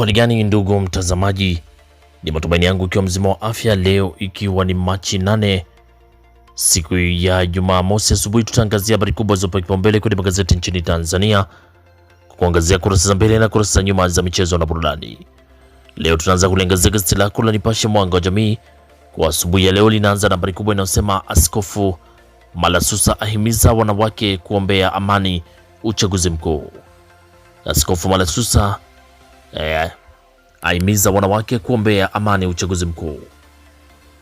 Hali gani ndugu mtazamaji, ni matumaini yangu ikiwa mzima wa afya. Leo ikiwa ni Machi nane, siku ya Jumamosi asubuhi, tutaangazia habari kubwa zopa kipaumbele kwenye magazeti nchini Tanzania, kuangazia kurasa za mbele na kurasa za nyuma za michezo na burudani. Leo tunaanza kuliangazia gazeti lako la Nipashe Mwanga wa Jamii kwa asubuhi ya leo, linaanza na habari kubwa inayosema Askofu Malasusa ahimiza wanawake kuombea amani uchaguzi mkuu. Askofu Malasusa eh, aimiza wanawake kuombea amani uchaguzi mkuu.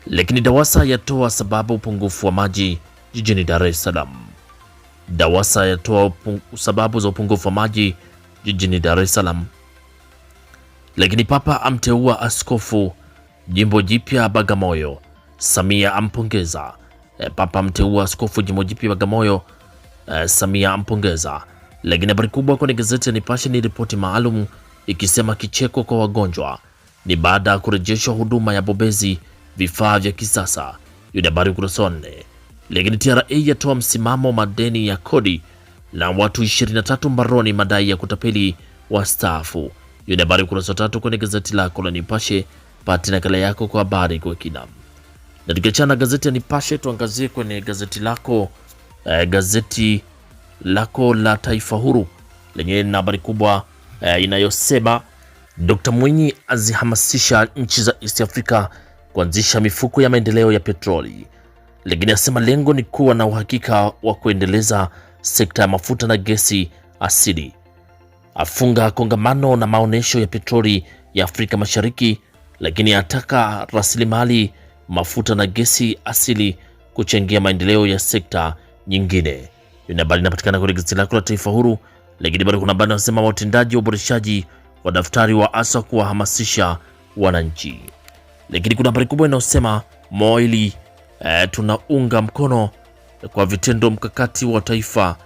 Lakini DAWASA yatoa sababu upungufu wa maji jijini Dar es Salaam. DAWASA yatoa sababu za upungufu wa maji jijini Dar es Salaam. Lakini Papa amteua askofu jimbo jipya Bagamoyo. Samia ampongeza. E, Papa amteua askofu jimbo jipya Bagamoyo. E, Samia ampongeza. Lakini habari kubwa kwenye gazeti ya Nipashe ni ripoti maalum ikisema kicheko kwa wagonjwa ni baada ya kurejeshwa huduma ya bobezi vifaa vya kisasa. Hiyo ni habari ukurasa wa nne. Lakini TRA yatoa msimamo madeni ya kodi na watu 23 mbaroni madai ya kutapeli wastaafu. Hiyo ni habari ukurasa wa tatu kwenye gazeti lako la Nipashe. Pata nakala yako kwa habari kwa kina. Na tukiachana gazeti ya Nipashe, tuangazie kwenye gazeti lako eh, gazeti lako la Taifa Huru lenye na habari kubwa eh, inayosema Dr. Mwinyi azihamasisha nchi za East Africa kuanzisha mifuko ya maendeleo ya petroli. Lakini asema lengo ni kuwa na uhakika wa kuendeleza sekta ya mafuta na gesi asili. Afunga kongamano na maonyesho ya petroli ya Afrika Mashariki, lakini ataka rasilimali mafuta na gesi asili kuchangia maendeleo ya sekta nyingine. Hiyo ni habari inapatikana kwenye gazeti lako la Taifa Huru lakini bado kuna bado nasema watendaji wa uboreshaji wa daftari wa asa kuwahamasisha wananchi. Lakini kuna habari kubwa inayosema Moili e, eh, tunaunga mkono kwa vitendo mkakati wa taifa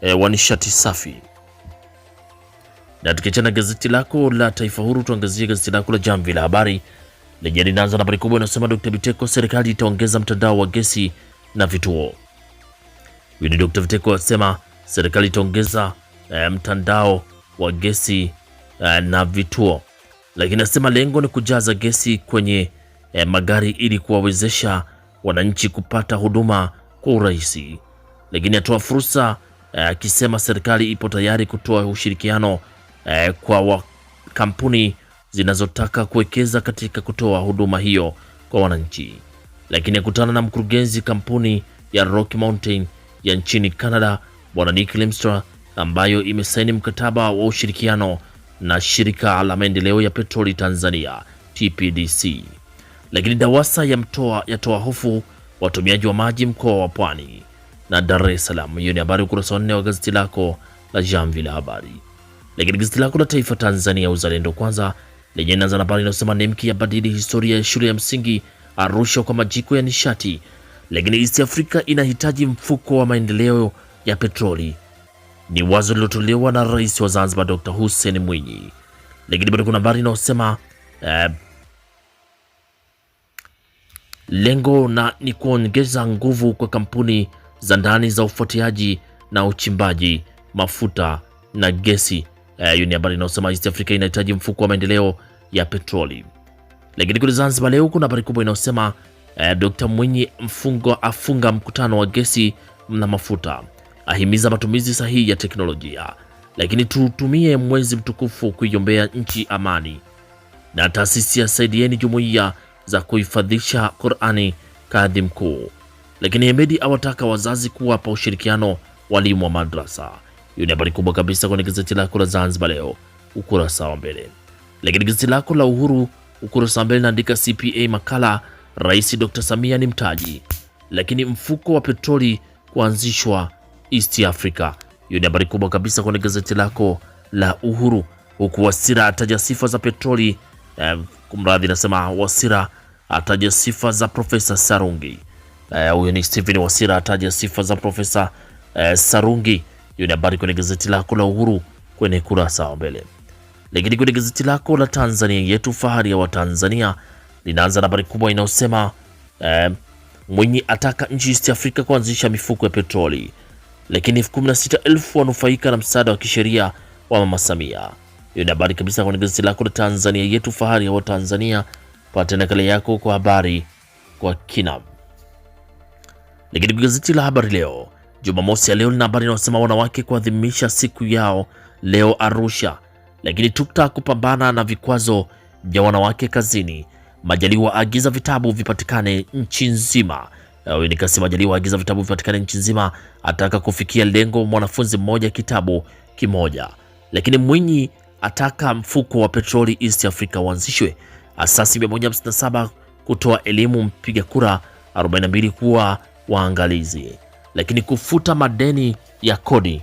e, wa nishati safi. Na tukiachana gazeti lako la Taifa Huru, tuangazie gazeti lako la Jamvi la Habari lenye linaanza na habari kubwa inayosema Dr. Biteko, serikali itaongeza mtandao wa gesi na vituo. Huyu ni Dr. Biteko asema serikali itaongeza eh, mtandao wa gesi eh, na vituo, lakini nasema lengo ni kujaza gesi kwenye eh, magari ili kuwawezesha wananchi kupata huduma kwa urahisi, lakini atoa fursa eh, akisema serikali ipo tayari kutoa ushirikiano eh, kwa kampuni zinazotaka kuwekeza katika kutoa huduma hiyo kwa wananchi. Lakini akutana na mkurugenzi kampuni ya Rocky Mountain ya nchini Canada, Bwana Nick Limstra, ambayo imesaini mkataba wa ushirikiano na shirika la maendeleo ya petroli Tanzania TPDC. Lakini DAWASA yamtoa yatoa hofu watumiaji wa maji mkoa wa Pwani na Dar es Salaam. Hiyo ni habari ukurasa wa nne wa gazeti lako la Jamvi la Habari. Lakini gazeti lako la Taifa Tanzania Uzalendo Kwanza lenye inaanza na habari inayosema NEMC yabadili historia ya shule ya msingi Arusha kwa majiko ya nishati. Lakini East Africa inahitaji mfuko wa maendeleo ya petroli ni wazo lilotolewa na rais wa Zanzibar Dr. Hussein Mwinyi, lakini bado kuna habari inayosema uh, lengo na ni kuongeza nguvu kwa kampuni za ndani za ufuatiaji na uchimbaji mafuta na gesi. Eh, hiyo uh, ni habari inayosema East Africa inahitaji mfuko wa maendeleo ya petroli. Lakini kule Zanzibar leo kuna habari kubwa inayosema uh, eh, Dr. Mwinyi mfungo afunga mkutano wa gesi na mafuta ahimiza matumizi sahihi ya teknolojia. Lakini tutumie mwezi mtukufu kuiombea nchi amani, na taasisi ya saidieni jumuiya za kuhifadhisha Qur'ani, kadhi mkuu. Lakini Hemedi awataka wazazi kuwapa ushirikiano walimu wa madrasa. Hiyo ni habari kubwa kabisa kwenye gazeti lako la Zanzibar leo ukurasa wa mbele. Lakini gazeti lako la Uhuru ukurasa wa mbele naandika CPA makala Rais Dr. Samia ni mtaji, lakini mfuko wa petroli kuanzishwa East Africa. Hiyo ni habari kubwa kabisa kwenye gazeti lako la Uhuru, huku Wasira ataja sifa za petroli eh, kumradhi, nasema Wasira ataja sifa za Profesa Sarungi. Eh, huyo eh, ni Stephen Wasira ataja sifa za Profesa eh, Sarungi. Hiyo ni habari kwenye gazeti lako la Uhuru kwenye kurasa wa mbele. Lakini kwenye gazeti lako la Tanzania Yetu, fahari ya Watanzania, linaanza na habari kubwa inayosema eh, Mwinyi ataka nchi East Africa kuanzisha mifuko ya petroli lakini 16,000 wanufaika na msaada wa kisheria wa Mama Samia. Hiyo ni habari kabisa kwenye gazeti lako la Tanzania Yetu, fahari ya Watanzania. Pata nakala yako kwa habari kwa kina. Lakini gazeti la Habari Leo Jumamosi ya leo lina habari inayosema wanawake kuadhimisha siku yao leo Arusha, lakini tukta kupambana na vikwazo vya wanawake kazini. Majaliwa agiza vitabu vipatikane nchi nzima. Ni Kassim Majaliwa agiza vitabu vipatikane nchi nzima, ataka kufikia lengo mwanafunzi mmoja kitabu kimoja. Lakini Mwinyi ataka mfuko wa petroli East Africa uanzishwe. Asasi 157 kutoa elimu, mpiga kura 42 kuwa waangalizi. Lakini kufuta madeni ya kodi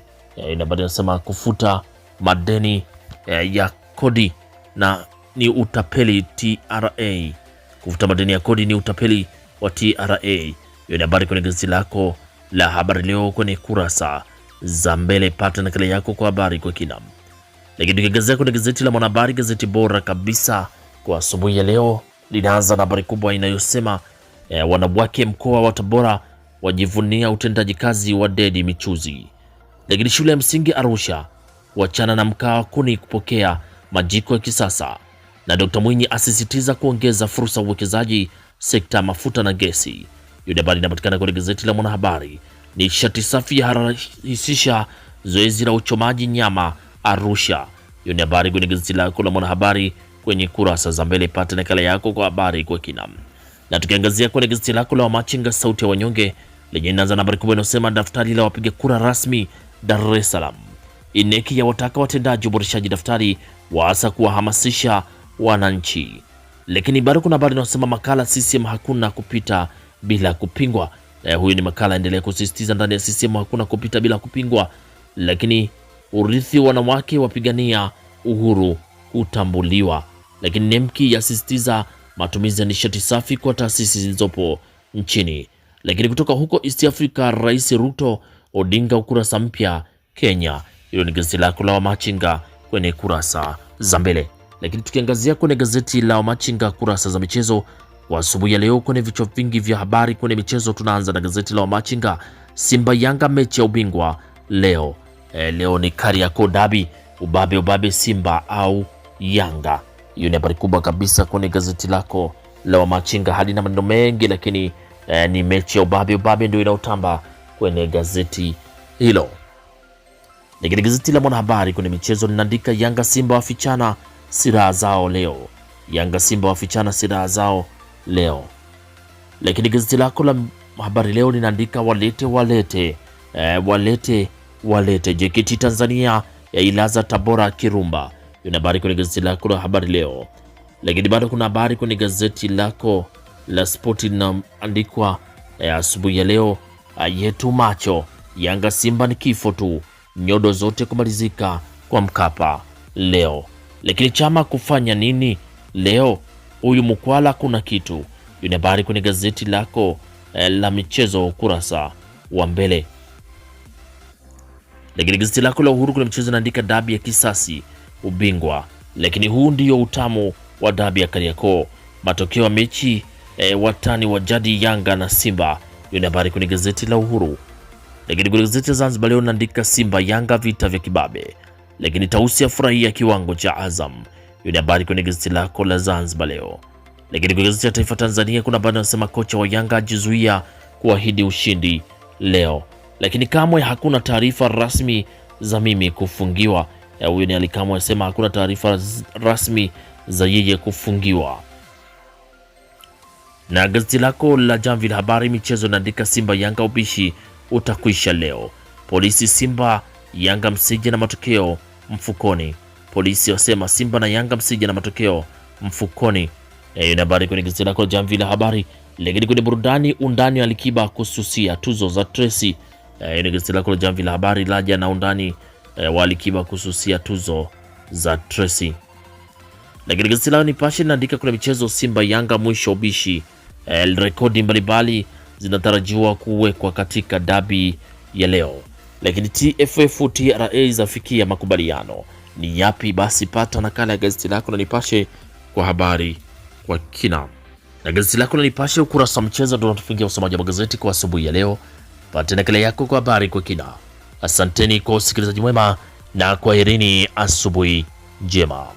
inabidi nasema kufuta madeni eh, ya kodi na ni utapeli TRA, kufuta madeni ya kodi ni utapeli wa TRA. Hiyo ni habari kwenye gazeti lako la habari leo kwenye kurasa za mbele. Pata nakala yako kwa habari kwa kina. Lakini tukiangazia kwenye gazeti la Mwanahabari, gazeti bora kabisa kwa asubuhi ya leo, linaanza na habari kubwa inayosema eh, wanawake mkoa wa Tabora wajivunia utendaji kazi wa Dedi Michuzi. Lakini shule ya msingi Arusha wachana na mkaa kuni kupokea majiko ya kisasa, na Dr. Mwinyi asisitiza kuongeza fursa uwekezaji sekta mafuta na gesi. Yule habari inapatikana kwenye gazeti la Mwanahabari. Nishati safi yarahisisha zoezi la uchomaji nyama Arusha. Hiyo ni habari kwenye gazeti lako la Mwanahabari kwenye kurasa za mbele. pate nakala yako kwa habari kwa kina. Na tukiangazia kwenye gazeti lako la Wamachinga sauti ya wanyonge lenye inaanza na habari kubwa inayosema daftari la wapiga kura rasmi Dar es Salaam. Ineki ya wataka watendaji uboreshaji daftari waasa kuwahamasisha wananchi. Lakini bado kuna habari inayosema makala CCM hakuna kupita bila kupingwa. Eh, huyu ni makala endelea kusisitiza ndani ya CCM hakuna kupita bila kupingwa, lakini urithi wanawake wapigania uhuru utambuliwa. Lakini Nemki yasisitiza matumizi ya nishati safi kwa taasisi zilizopo nchini. Lakini kutoka huko East Africa, Rais Ruto Odinga ukurasa mpya Kenya. Hilo ni gazeti lako la Wamachinga kwenye kurasa za mbele, lakini tukiangazia kwenye gazeti la Wamachinga kurasa za michezo kwa asubuhi ya leo kwenye vichwa vingi vya habari kwenye michezo, tunaanza na gazeti la Wamachinga. Simba Yanga mechi ya ubingwa leo. E, leo ni Kariakoo dabi, ubabe ubabe, Simba au Yanga. Hiyo ni habari kubwa kabisa kwenye gazeti lako la Wamachinga, na maneno mengi lakini e, ni mechi ya ubabe ubabe ndio inaotamba kwenye gazeti hilo. Lakini gazeti la Mwanahabari kwenye michezo linaandika Yanga Simba wafichana silaha zao leo. Yanga Simba wafichana silaha zao leo. Lakini gazeti lako la habari leo linaandika walete walete, e, walete walete JKT Tanzania yailaza Tabora Kirumba. Hiyo ni habari kwenye gazeti lako la habari leo, lakini bado kuna habari kwenye gazeti lako la spoti linaandikwa eh, asubuhi e, ya leo yetu macho Yanga Simba ni kifo tu, nyodo zote kumalizika kwa Mkapa leo. Lakini chama kufanya nini leo? huyu mkwala kuna kitu. Hiyo ni habari kwenye gazeti lako eh, la michezo ukurasa wa mbele. Lakini gazeti lako la Uhuru kwenye michezo inaandika dabi ya kisasi ubingwa, lakini huu ndio utamu wa dabi ya Kariakoo. Matokeo ya mechi e, watani wa jadi Yanga na Simba. Hiyo ni habari kwenye gazeti la Uhuru. Lakini kwenye gazeti la Zanzibar leo inaandika Simba Yanga vita vya kibabe, lakini Tausi afurahia kiwango cha Azam. Hiyo ni habari kwenye gazeti lako la Zanzibar Leo. Lakini kwenye gazeti la Taifa Tanzania kuna habari inasema kocha wa Yanga ajizuia kuahidi ushindi leo, lakini kamwe hakuna taarifa rasmi za mimi kufungiwa. Huyo ni Alikamwe anasema hakuna taarifa rasmi za yeye kufungiwa. Na gazeti lako la Jamvi la Habari Michezo inaandika Simba Yanga ubishi utakwisha leo, polisi Simba Yanga msije na matokeo mfukoni. Polisi wasema Simba na Yanga msije na matokeo mfukoni. Eh, hiyo ni habari kwenye gazeti lako Jamvi la Habari. Lakini kwenye burudani, undani Alikiba kususia tuzo za Tracy. Eh, hiyo ni gazeti lako Jamvi la Habari laja na undani e, wa Alikiba kususia tuzo za Tracy. Lakini gazeti lao Nipashe linaandika kuna michezo Simba Yanga mwisho ubishi. E, rekodi mbalimbali zinatarajiwa kuwekwa katika dabi ya leo. Lakini TFF TRA zafikia makubaliano ni yapi? Basi pata nakala ya gazeti lako la Nipashe kwa habari kwa kina, na gazeti lako la Nipashe ukurasa wa mchezo ndio unatufungia usomaji wa magazeti kwa asubuhi ya leo. Pata nakala yako kwa habari kwa kina. Asanteni kwa usikilizaji mwema na kwaherini, asubuhi njema.